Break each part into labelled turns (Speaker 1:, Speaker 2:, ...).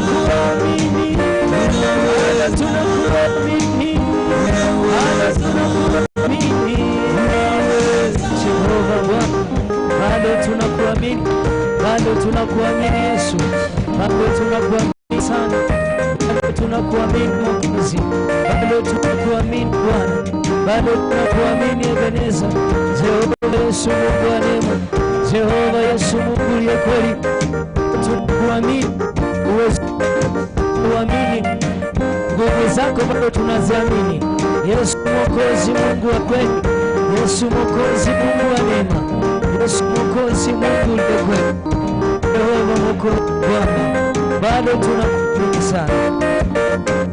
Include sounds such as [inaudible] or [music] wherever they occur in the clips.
Speaker 1: tunakuamini Bwana tunakuamini Bwana tunakuamini Jehova Bwana bado tunakuamini bado Yesu Jehova Yesu Mungu wa kweli tunakuamini zako bado tunaziamini. Yesu Mwokozi, Mungu wa kweli, Yesu Mwokozi, Mungu wa neema, Yesu Mwokozi, Mungu wa kweli, Yehova Mwokozi Bwana, bado tunakuamini sana,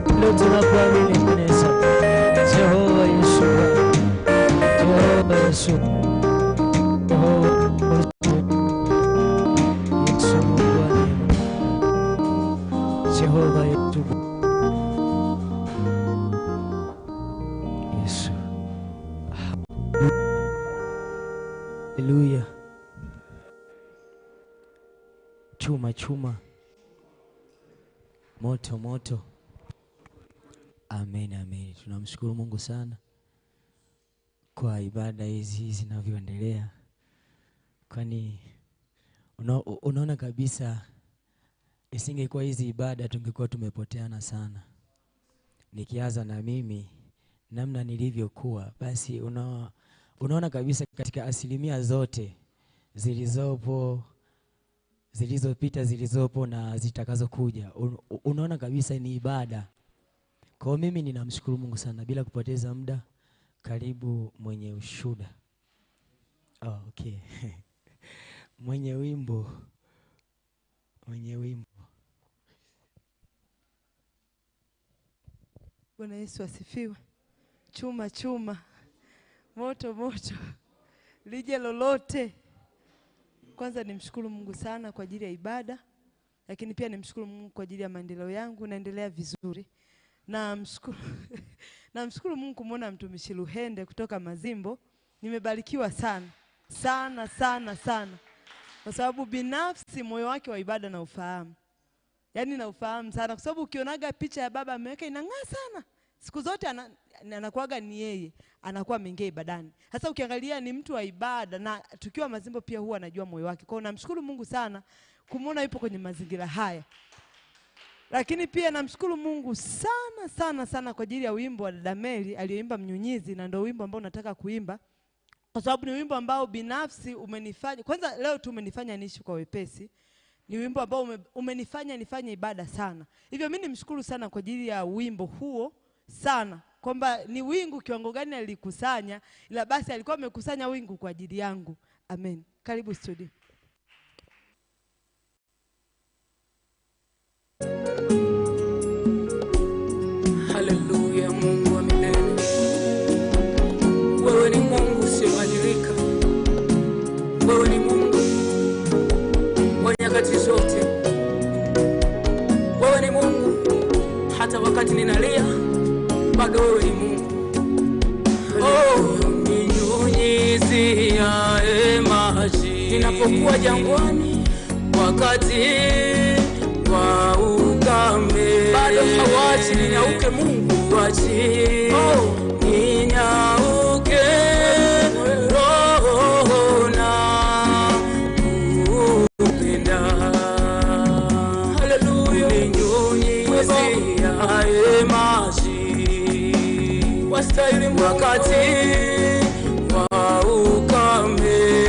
Speaker 1: bado tunakuamini Mungu Jehova Yesu, Jehova Yesu. chuma moto moto. Amen, amen. Tunamshukuru Mungu sana kwa ibada hizi zinavyoendelea, kwani una, unaona kabisa isingekuwa hizi ibada tungekuwa tumepoteana sana. Nikianza na mimi namna nilivyokuwa, basi una, unaona kabisa katika asilimia zote zilizopo zilizopita, zilizopo na zitakazokuja. Unaona kabisa ni ibada. Kwa mimi ninamshukuru Mungu sana. Bila kupoteza muda, karibu mwenye ushuda. Oh, okay. [laughs] mwenye wimbo, mwenye wimbo.
Speaker 2: Bwana Yesu asifiwe. Chuma chuma, moto moto, lije lolote kwanza nimshukuru Mungu sana kwa ajili ya ibada, lakini pia nimshukuru Mungu kwa ajili ya maendeleo yangu, naendelea vizuri. Namshukuru [laughs] namshukuru Mungu kumwona mtumishi Luhende kutoka Mazimbo. Nimebarikiwa sana sana sana sana, kwa sababu binafsi moyo wake wa ibada na ufahamu, yaani na ufahamu sana, kwa sababu ukionaga picha ya baba ameweka inang'aa sana siku zote ana anakuaga ni yeye anakuwa ameingia ibadani. Sasa ukiangalia ni mtu wa ibada, na tukiwa Mazimbo pia huwa anajua moyo wake. Kwa hiyo namshukuru Mungu sana kumwona yupo kwenye mazingira haya, lakini pia namshukuru Mungu sana sana sana kwa ajili ya wimbo wa dada Mary aliyoimba Mnyunyizi, na ndio wimbo ambao nataka kuimba kwa sababu ni wimbo ambao binafsi umenifanya kwanza, leo tu umenifanya niishi kwa wepesi ni wimbo ambao ume, umenifanya nifanye ibada sana. Hivyo mimi nimshukuru sana kwa ajili ya wimbo huo sana kwamba ni wingu kiwango gani alikusanya, ila basi alikuwa amekusanya wingu kwa ajili yangu. Amen. Karibu studio.
Speaker 1: wastahili wakati wa ukame.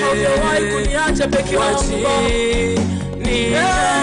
Speaker 1: Hajawahi kuniacha peke yangu.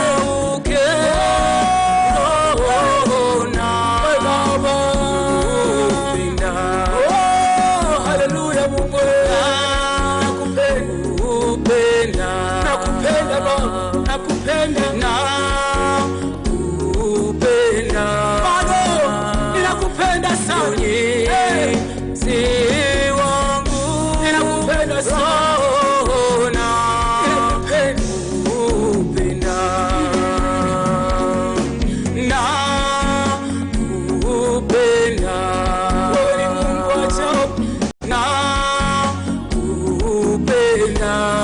Speaker 1: now.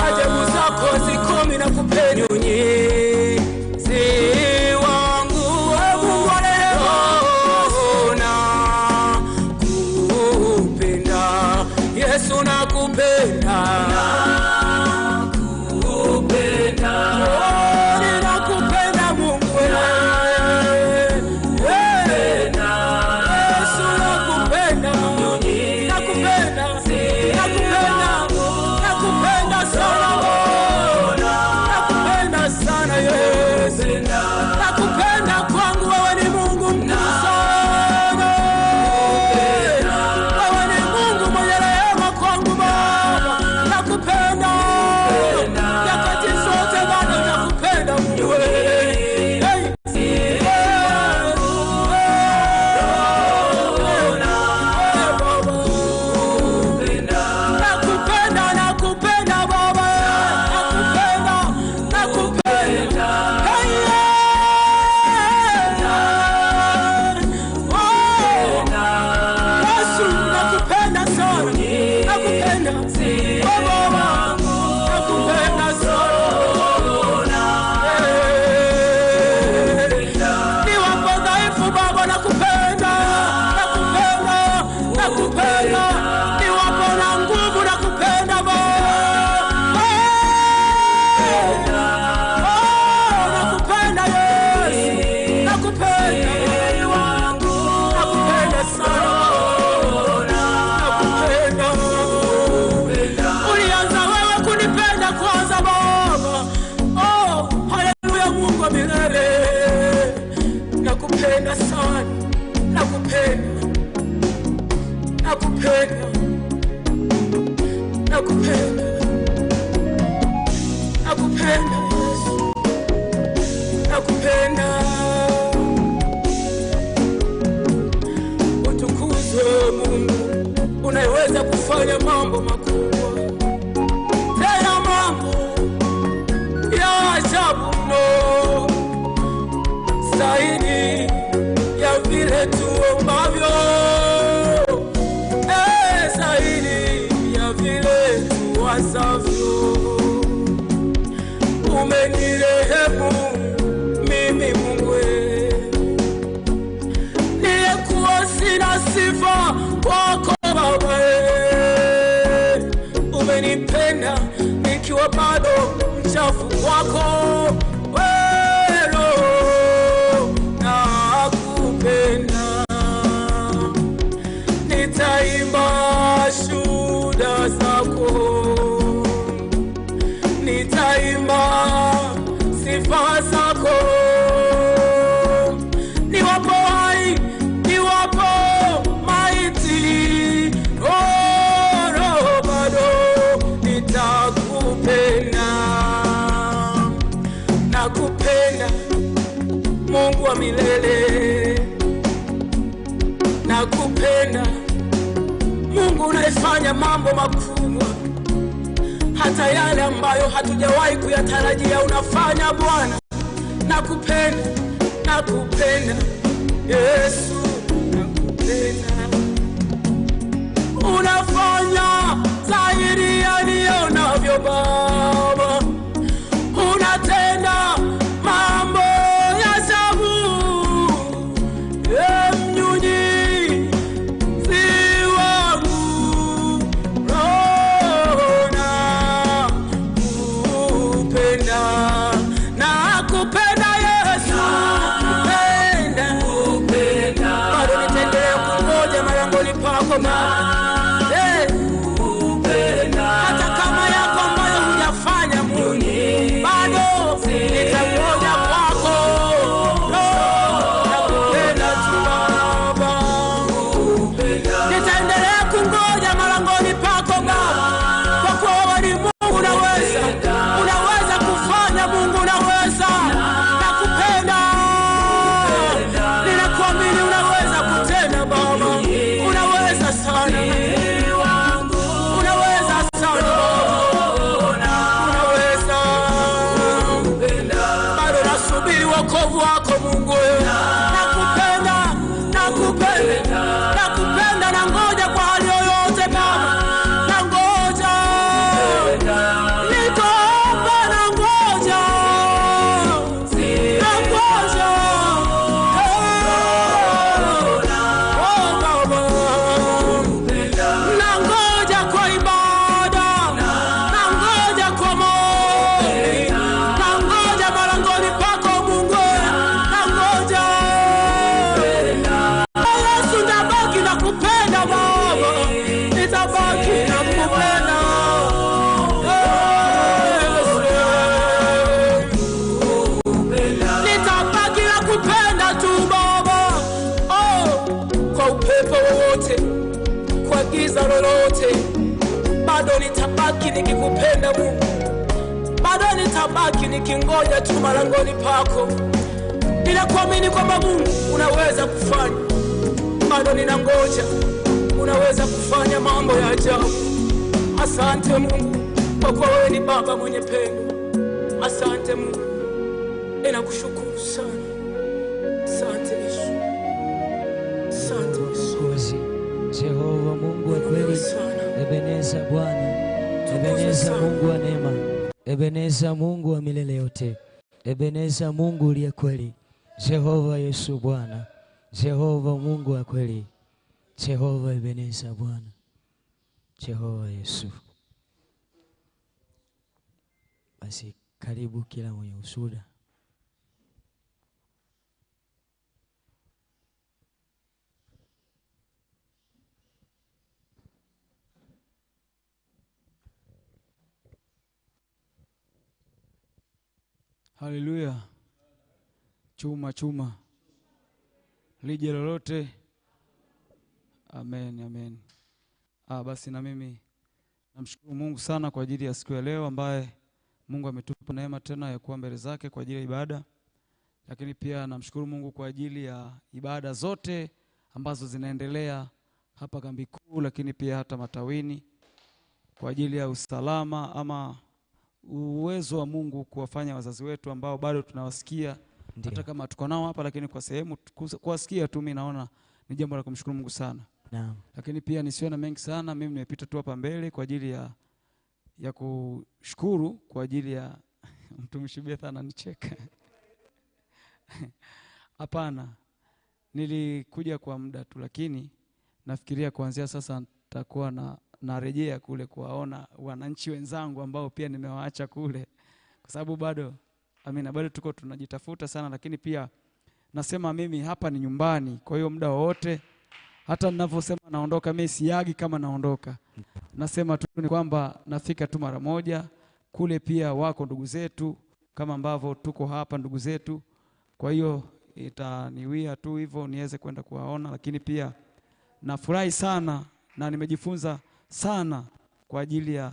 Speaker 1: Hey. walk home. milele. Nakupenda Mungu unayefanya mambo makubwa, hata yale ambayo hatujawahi kuyatarajia unafanya Bwana. Nakupenda, nakupenda Yesu, nakupenda, unafanya zaidi nionavyo Baba. moyo wote, bado nitabaki nikikupenda Mungu, bado nitabaki nikingoja tu malangoni pako, bila kuamini kwamba Mungu unaweza kufanya. Bado ninangoja, unaweza kufanya mambo ya ajabu. Asante Mungu kwa kuwa wewe ni Baba mwenye pendo. Asante Mungu, ninakushukuru sana. Mungu wa kweli, Ebeneza Bwana, Ebeneza Mungu wa neema, Ebeneza Mungu wa milele yote, Ebeneza Mungu uliye kweli, Jehova Yesu Bwana, Jehova Mungu wa kweli, Jehova Ebeneza Bwana, Jehova Yesu. Basi karibu kila mwenye usuda Haleluya! Chuma chuma lije lolote. Amen, amen. Ah, basi na mimi namshukuru Mungu sana kwa ajili ya siku ya leo ambaye Mungu ametupa neema tena ya kuwa mbele zake kwa ajili ya ibada, lakini pia namshukuru Mungu kwa ajili ya ibada zote ambazo zinaendelea hapa kambi kuu, lakini pia hata matawini kwa ajili ya usalama ama uwezo wa Mungu kuwafanya wazazi wetu ambao bado tunawasikia Ndiyo. hata kama tuko nao hapa lakini kwa sehemu kuwasikia tu, mimi naona ni jambo la kumshukuru Mungu sana Naam. Lakini pia nisiwe na mengi sana, mimi nimepita tu hapa mbele kwa ajili ya ya kushukuru kwa ajili ya [laughs] mtumishi Betha ananicheka [laughs] hapana, nilikuja kwa muda tu, lakini nafikiria kuanzia sasa nitakuwa na narejea kule kuwaona wananchi wenzangu ambao pia nimewaacha kule, kwa sababu bado amina, bado tuko tunajitafuta sana, lakini pia nasema mimi hapa ni nyumbani. Kwa hiyo muda wowote, hata ninavyosema naondoka, mimi siagi kama naondoka, nasema tu ni kwamba nafika tu mara moja. Kule pia wako ndugu zetu kama ambavyo tuko hapa ndugu zetu, kwa hiyo itaniwia tu hivyo niweze kwenda kuwaona, lakini pia nafurahi sana na nimejifunza sana kwa ajili ya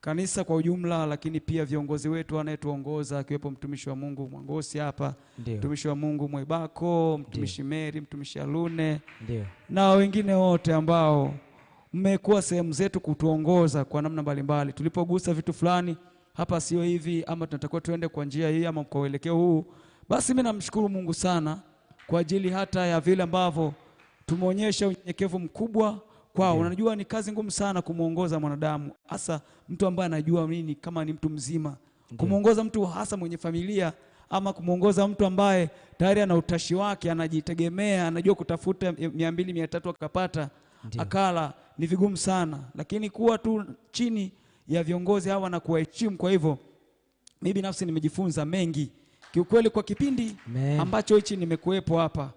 Speaker 1: kanisa kwa ujumla, lakini pia viongozi wetu anayetuongoza akiwepo mtumishi wa Mungu Mwangosi hapa, mtumishi wa Mungu Mwebako, mtumishi Meri, mtumishi Alune Ndiyo. na wengine wote ambao mmekuwa sehemu zetu kutuongoza kwa namna mbalimbali. Tulipogusa vitu fulani hapa, sio hivi ama tunatakiwa tuende kwa njia hii ama kwa uelekeo huu, basi mimi namshukuru Mungu sana kwa ajili hata ya vile ambavyo tumeonyesha unyenyekevu mkubwa kwao. Unajua ni kazi ngumu sana kumuongoza mwanadamu, hasa mtu ambaye anajua nini, kama ni mtu mzima, kumuongoza mtu hasa mwenye familia ama kumuongoza mtu ambaye tayari ana utashi wake, anajitegemea, anajua kutafuta mia mbili mia tatu akapata akala ni vigumu sana, lakini kuwa tu chini ya viongozi hawa na kuwaheshimu. Kwa hivyo mimi binafsi nimejifunza mengi kiukweli kwa kipindi Amen. ambacho hichi nimekuwepo hapa.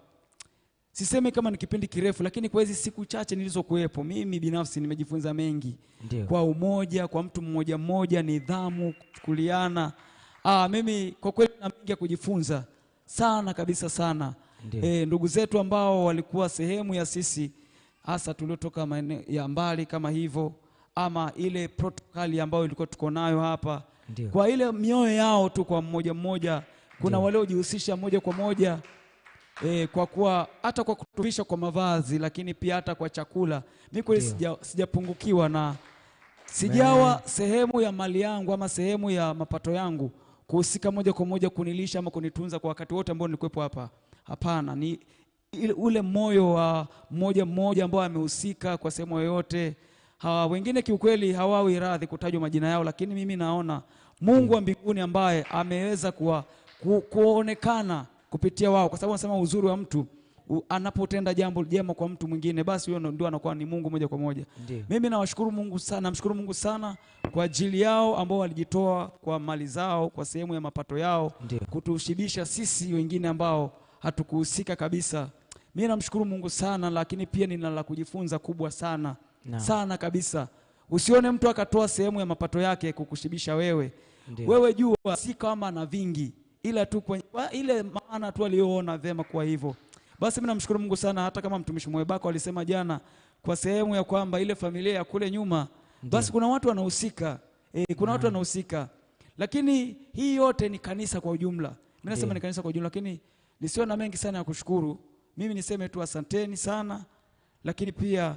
Speaker 1: Siseme kama ni kipindi kirefu, lakini kwa hizi siku chache nilizokuwepo, mimi binafsi nimejifunza mengi. Ndiyo. Kwa umoja, kwa mtu mmoja mmoja, nidhamu, kuliana. Ah, mimi kwa kweli na mengi ya kujifunza sana kabisa sana. E, ndugu zetu ambao walikuwa sehemu ya sisi hasa tuliotoka maeneo ya mbali kama hivyo, ama ile protokali ambayo ilikuwa tuko nayo hapa. Ndiyo. Kwa ile mioyo yao tu kwa mmoja mmoja, kuna waliojihusisha moja kwa moja E, kwa kuwa hata kwa kutuvisha kwa mavazi lakini pia hata kwa chakula mimi kweli sija, sijapungukiwa na sijawa Man. sehemu ya mali yangu ama sehemu ya mapato yangu kuhusika moja kwa moja kunilisha ama kunitunza kwa wakati wote ambao nilikuwepo hapa. Hapana, ni ule moyo wa mmoja mmoja ambao amehusika kwa sehemu yoyote. Hawa wengine kiukweli hawawi radhi kutajwa majina yao, lakini mimi naona Mungu wa mbinguni ambaye ameweza kuwa ku, kuonekana kupitia wao, kwa sababu anasema uzuri wa mtu anapotenda jambo jema kwa mtu mwingine, basi huyo ndio anakuwa ni Mungu moja kwa moja. Ndiyo. Mimi nawashukuru Mungu sana, namshukuru Mungu sana kwa ajili yao ambao walijitoa kwa mali zao, kwa sehemu ya mapato yao kutushibisha sisi wengine ambao hatukuhusika kabisa. Mimi namshukuru Mungu sana, lakini pia nina la kujifunza kubwa sana no. sana kabisa. Usione mtu akatoa sehemu ya mapato yake kukushibisha wewe. Ndiyo. Wewe jua si kama na vingi ila tu kwenye ile maana tu aliyoona vema. Kwa hivyo basi, mimi namshukuru Mungu sana, hata kama mtumishi Mwebako alisema jana kwa sehemu ya kwamba ile familia ya kule nyuma, Ndiyo. basi kuna watu wanahusika e, kuna watu wanahusika, lakini hii yote ni kanisa kwa ujumla. Mimi nasema ni kanisa kwa ujumla, lakini nisiwe na mengi sana ya kushukuru. Mimi niseme tu asanteni sana, lakini pia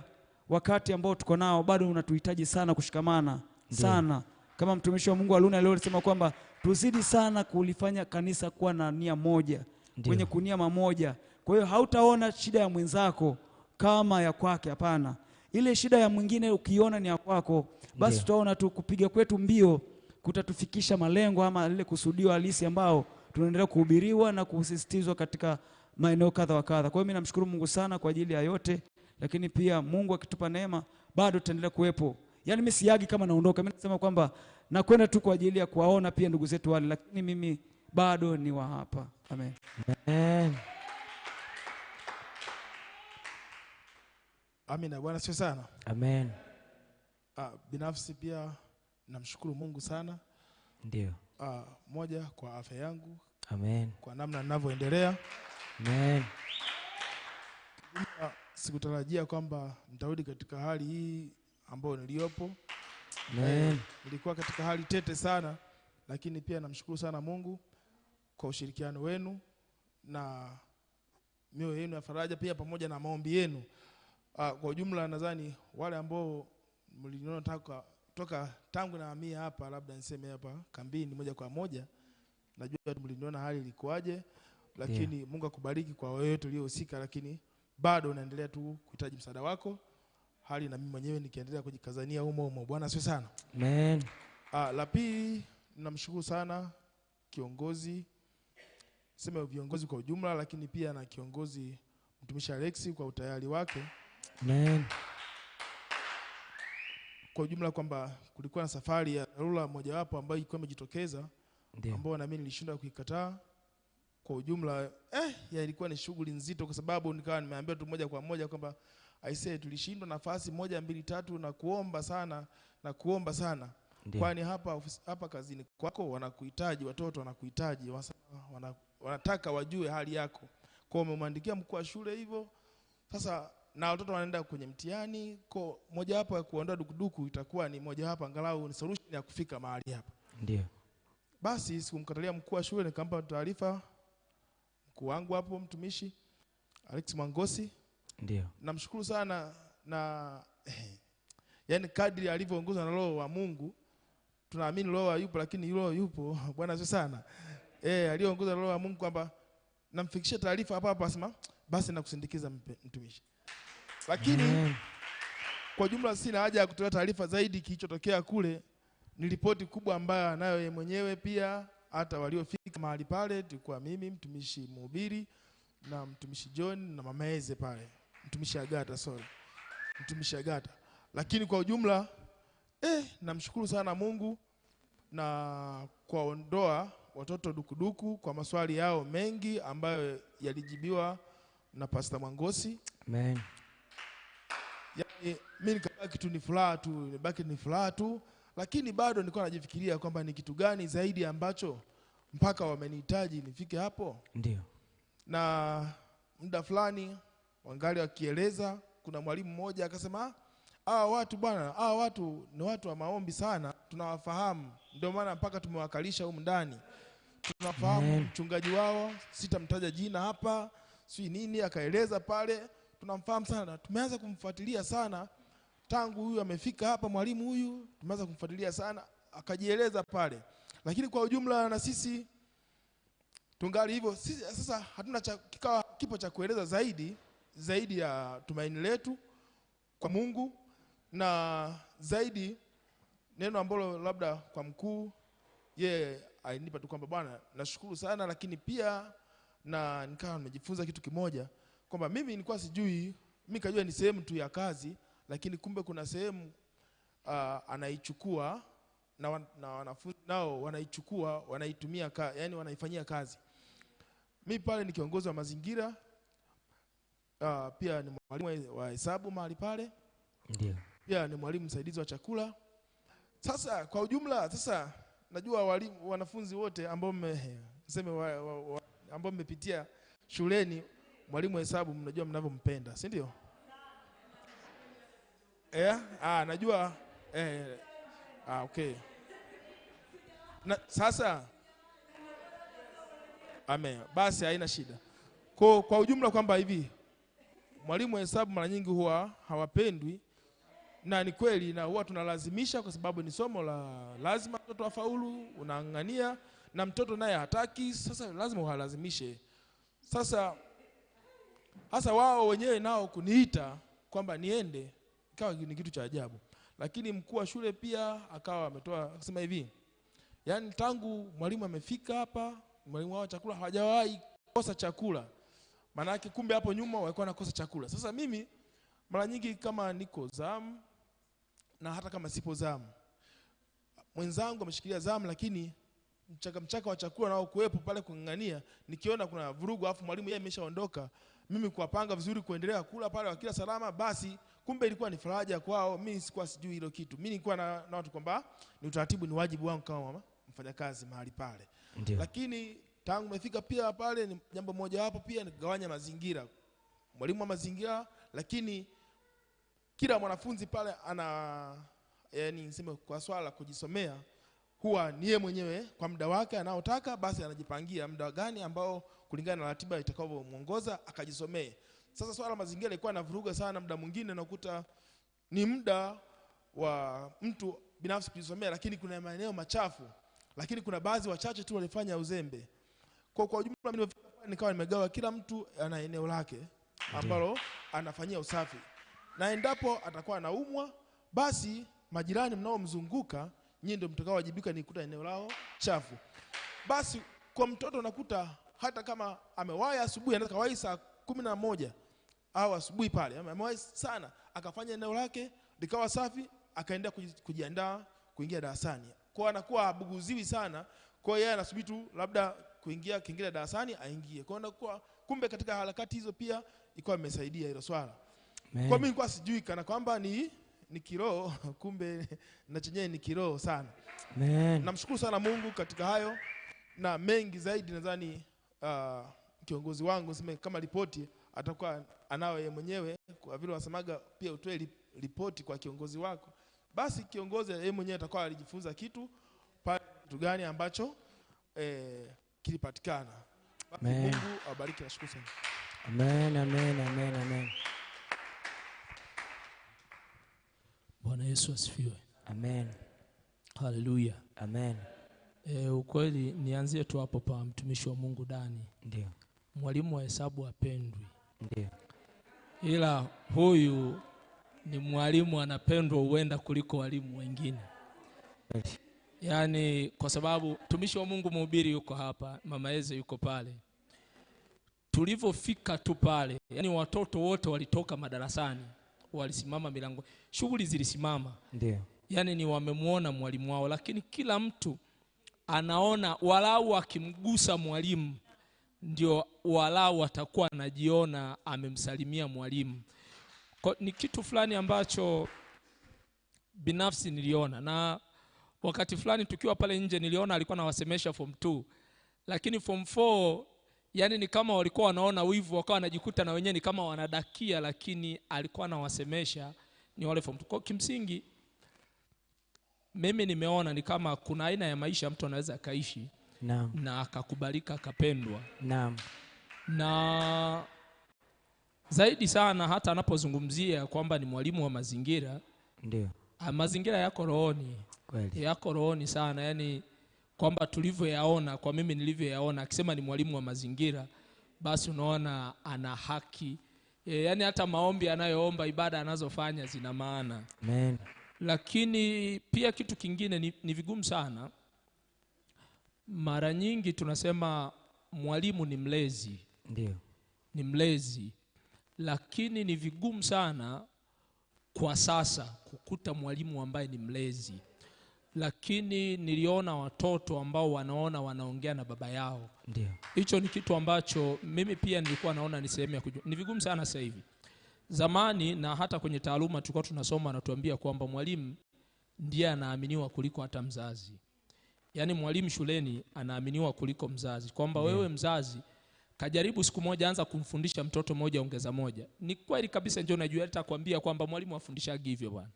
Speaker 1: wakati ambao tuko nao bado unatuhitaji sana kushikamana sana, kama mtumishi wa Mungu Aluna leo alisema kwamba tuzidi sana kulifanya kanisa kuwa na nia moja Ndiyo. kwenye kunia mamoja. Kwa hiyo hautaona shida ya mwenzako kama ya kwake, hapana. Ile shida ya mwingine ukiona ni ya kwako, basi tutaona tu kupiga kwetu mbio kutatufikisha malengo ama lile kusudio halisi ambao tunaendelea kuhubiriwa na kusisitizwa katika maeneo kadha wa kadha. Kwa hiyo mimi namshukuru Mungu sana kwa ajili ya yote, lakini pia Mungu akitupa neema bado tutaendelea kuwepo. Yaani mimi siagi kama naondoka, mimi nasema kwamba nakwenda tu kwa ajili ya kuwaona pia ndugu zetu wale, lakini mimi bado ni wa hapa. Amen, amen. Amina, Bwana sio sana. Amen. Ah, binafsi pia namshukuru Mungu sana ndio. Ah, moja kwa afya yangu Amen. Kwa namna ninavyoendelea Amen. Ah, sikutarajia kwamba nitarudi katika hali hii ambayo niliyopo. Amen. Nilikuwa katika hali tete sana, lakini pia namshukuru sana Mungu kwa ushirikiano wenu na mioyo yenu ya faraja pia pamoja na maombi yenu. Uh, kwa ujumla nadhani wale ambao mliniona toka, toka tangu nahamia hapa, labda niseme hapa kambini moja kwa moja, najua mliniona hali ilikuwaje, lakini yeah. Mungu akubariki kwa wewe tuliohusika, lakini bado unaendelea tu kuhitaji msaada wako hali na mimi mwenyewe nikiendelea kujikazania humo humo. Bwana asifiwe sana. Amen. Ah, la pili namshukuru sana kiongozi sema viongozi kwa ujumla, lakini pia na kiongozi mtumishi Alex kwa utayari wake. Amen. Kwa ujumla kwamba kulikuwa na safari ya dharura mojawapo ambayo ilikuwa imejitokeza ambayo mimi nilishindwa kuikataa. Kwa ujumla eh, ya ilikuwa ni shughuli nzito, kwa sababu nikawa nimeambia tu moja kwa moja kwamba aisee, tulishindwa nafasi moja mbili tatu na kuomba sana na kuomba sana kwani hapa, hapa kazini kwako wanakuhitaji, watoto wanakuhitaji, wana, wanataka wajue hali yako kwa umemwandikia mkuu wa shule hivyo sasa na watoto wanaenda kwenye mtihani kwa moja hapo ya kuondoa dukuduku itakuwa ni moja hapo, angalau ni solution ya kufika mahali hapa. Ndio. Basi sikumkatalia mkuu wa shule, nikampa taarifa mkuu wangu hapo mtumishi Alex Mwangosi, ndio. Namshukuru sana na eh, yani kadri alivyoongozwa na Roho wa Mungu tunaamini Roho yupo, lakini Roho yupo [laughs] Bwana sio sana eh, aliyoongoza Roho wa Mungu kwamba namfikishie taarifa hapa hapa, asema basi nakusindikiza mtumishi, lakini Amen. Kwa jumla sina haja ya kutoa taarifa zaidi. Kilichotokea kule ni ripoti kubwa ambayo anayo yeye mwenyewe pia, hata waliofika mahali pale tulikuwa mimi mtumishi mhubiri na mtumishi John na mama Eze pale mtumishi Agata, sorry, mtumishi Agata. Lakini kwa ujumla eh, namshukuru sana Mungu na kuwaondoa watoto dukuduku kwa maswali yao mengi ambayo yalijibiwa na Pasta Mwangosi. Amen. Yani, mimi nikabaki tu ni furaha tu, nibaki ni furaha tu, lakini bado nilikuwa najifikiria kwamba ni kitu gani zaidi ambacho mpaka wamenihitaji nifike hapo. Ndio. Na muda fulani wangali wakieleza. Kuna mwalimu mmoja akasema, ah, hawa watu bwana, hawa watu ni watu wa maombi sana, tunawafahamu, ndio maana mpaka tumewakalisha humu ndani, tunafahamu mchungaji wao, sitamtaja jina hapa, si nini, akaeleza pale, tunamfahamu sana, tumeanza kumfuatilia sana tangu huyu amefika hapa, mwalimu huyu tumeanza kumfuatilia sana, akajieleza pale. Lakini kwa ujumla na sisi tungali hivyo sisi, sasa hatuna cha, kikawa kipo cha kueleza zaidi zaidi ya tumaini letu kwa Mungu na zaidi neno ambalo labda kwa mkuu yeye alinipa tu kwamba bwana, nashukuru sana, lakini pia na nikawa nimejifunza kitu kimoja kwamba mimi nilikuwa sijui, mimi kajua ni sehemu tu ya kazi, lakini kumbe kuna sehemu uh, anaichukua na, wan, na wanafunzi nao wanaichukua wanaitumia ka, yani wanaifanyia kazi. Mi pale ni kiongozi wa mazingira uh, pia ni mwalimu wa hesabu mahali pale, ndio pia ni mwalimu msaidizi wa chakula. Sasa kwa ujumla, sasa najua walimu, wanafunzi wote ambao wa, ambao mmepitia shuleni mwalimu wa hesabu, mnajua mnavyompenda, si ndio? Yeah? Ah, najua eh, ah, okay. Na, sasa amen, basi haina shida kwa, kwa ujumla kwamba hivi mwalimu wa hesabu mara nyingi huwa hawapendwi, na ni kweli, na huwa tunalazimisha kwa sababu ni somo la lazima mtoto afaulu, unaang'ania na mtoto naye hataki, sasa lazima uhalazimishe. Sasa hasa wao wenyewe nao kuniita kwamba niende, ikawa ni kitu cha ajabu. Lakini mkuu wa shule pia akawa ametoa akasema hivi, yaani tangu mwalimu amefika hapa, mwalimu wao chakula hawajawahi kosa chakula Maanake kumbe hapo nyuma walikuwa nakosa chakula. Sasa mimi mara nyingi kama niko zamu na hata kama sipo zamu, mwenzangu ameshikilia zamu, lakini mchaka mchaka wa chakula nao kuwepo pale kung'ang'ania, nikiona kuna vurugu afu mwalimu yeye ameshaondoka, mimi kuwapanga vizuri kuendelea kula pale wakila salama, basi kumbe ilikuwa ni faraja kwao. Mimi sikuwa sijui hilo kitu, mimi nilikuwa na, na watu kwamba ni utaratibu, ni wajibu wangu kama mfanyakazi mahali pale, Ndiyo. lakini tangu umefika pia pale ni jambo moja wapo pia ni kugawanya mazingira, mwalimu wa mazingira, lakini kila mwanafunzi pale ana yani, niseme kwa swala la kujisomea huwa ni yeye mwenyewe kwa muda wake anaotaka, basi anajipangia muda gani ambao kulingana na ratiba itakavyomwongoza akajisomee. Sasa swala la mazingira ilikuwa navuruga sana, muda mwingine nakuta ni muda wa mtu binafsi kujisomea, lakini kuna maeneo machafu, lakini kuna baadhi wachache tu walifanya uzembe. Kwa kwa ujumla mimi nikawa nimegawa, kila mtu ana eneo lake ambalo anafanyia usafi, na endapo atakuwa anaumwa, basi majirani mnaomzunguka nyinyi ndio mtakaowajibika nikuta eneo lao chafu. Basi kwa mtoto unakuta hata kama amewahi asubuhi, anaweza kawahi saa kumi na moja au asubuhi pale, amewahi sana, akafanya eneo lake likawa safi, akaendea kujiandaa kuingia darasani, kwa anakuwa abuguziwi sana, kwa yeye anasubiri tu labda kuingia kingine darasani aingie. Kwa hiyo kwa kumbe katika harakati hizo pia ilikuwa imesaidia hilo swala. Kwa mimi kwa sijui kana kwamba ni ni kiroho [laughs] kumbe na chenye ni kiroho sana. Namshukuru sana Mungu katika hayo na mengi zaidi nadhani uh, kiongozi wangu sema kama ripoti atakuwa anao yeye mwenyewe kwa vile wasemaga pia utoe ripoti kwa kiongozi wako. Basi kiongozi yeye mwenyewe atakuwa alijifunza kitu pale kitu gani ambacho eh, kilipatikana. Mungu awabariki, nashukuru sana. Amen, amen, amen, amen. Bwana Yesu asifiwe. Amen. Haleluya. Amen. E, ukweli nianzie tu hapo pa mtumishi wa Mungu Dani. Ndio. Mwalimu wa hesabu apendwi. Ndio. Ila huyu ni mwalimu anapendwa huenda kuliko walimu wengine yaani kwa sababu mtumishi wa Mungu mhubiri yuko hapa, mama Eze yuko pale. Tulivyofika tu pale, yani watoto wote walitoka madarasani, walisimama milango, shughuli zilisimama, ndio yani ni wamemwona mwalimu wao, lakini kila mtu anaona walau akimgusa mwalimu ndio walau atakuwa anajiona amemsalimia mwalimu. Kwa, ni kitu fulani ambacho binafsi niliona na Wakati fulani tukiwa pale nje, niliona alikuwa anawasemesha form 2 lakini form 4 yani ni kama walikuwa wanaona wivu, wakawa wanajikuta na wenyewe ni kama wanadakia, lakini alikuwa anawasemesha ni wale form 2. Kwa kimsingi mimi nimeona ni kama kuna aina ya maisha mtu anaweza akaishi na, na akakubalika akapendwa. na, Na zaidi sana hata anapozungumzia kwamba ni mwalimu wa mazingira, ndio mazingira yako rohoni kweli yako rohoni sana, yani kwamba tulivyoyaona, kwa mimi nilivyoyaona, akisema ni mwalimu wa mazingira, basi unaona ana haki e, yani hata maombi anayoomba, ibada anazofanya zina maana. Amen. Lakini pia kitu kingine ni, ni vigumu sana mara nyingi tunasema mwalimu ni mlezi, ndio ni mlezi, lakini ni vigumu sana kwa sasa kukuta mwalimu ambaye ni mlezi lakini niliona watoto ambao wanaona wanaongea na baba yao. Ndio hicho ni kitu ambacho mimi pia nilikuwa naona ni sehemu ya kujua. Ni vigumu sana sasa hivi. Zamani na hata kwenye taaluma tulikuwa tunasoma, anatuambia kwamba mwalimu ndiye anaaminiwa kuliko hata mzazi. Yaani mwalimu shuleni anaaminiwa kuliko mzazi, kwamba wewe mzazi kajaribu siku moja, anza kumfundisha mtoto moja ongeza moja. Ni kweli kabisa, ndio najua, nitakwambia kwamba mwalimu afundishaji hivyo bwana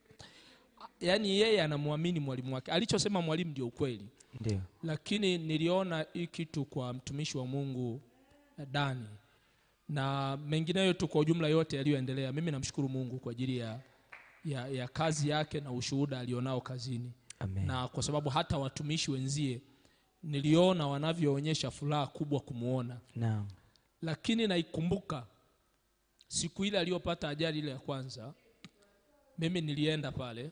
Speaker 1: yani yeye anamwamini mwalimu wake, alichosema mwalimu ndio ukweli. Ndio. Lakini niliona hii kitu kwa mtumishi wa Mungu eh, Dani na mengineyo tu kwa ujumla yote yaliyoendelea. Mimi namshukuru Mungu kwa ajili ya, ya, ya kazi yake na ushuhuda alionao kazini. Amen. Na kwa sababu hata watumishi wenzie niliona wanavyoonyesha furaha kubwa kumwona. Lakini naikumbuka siku ile aliyopata ajali ile ya kwanza, mimi nilienda pale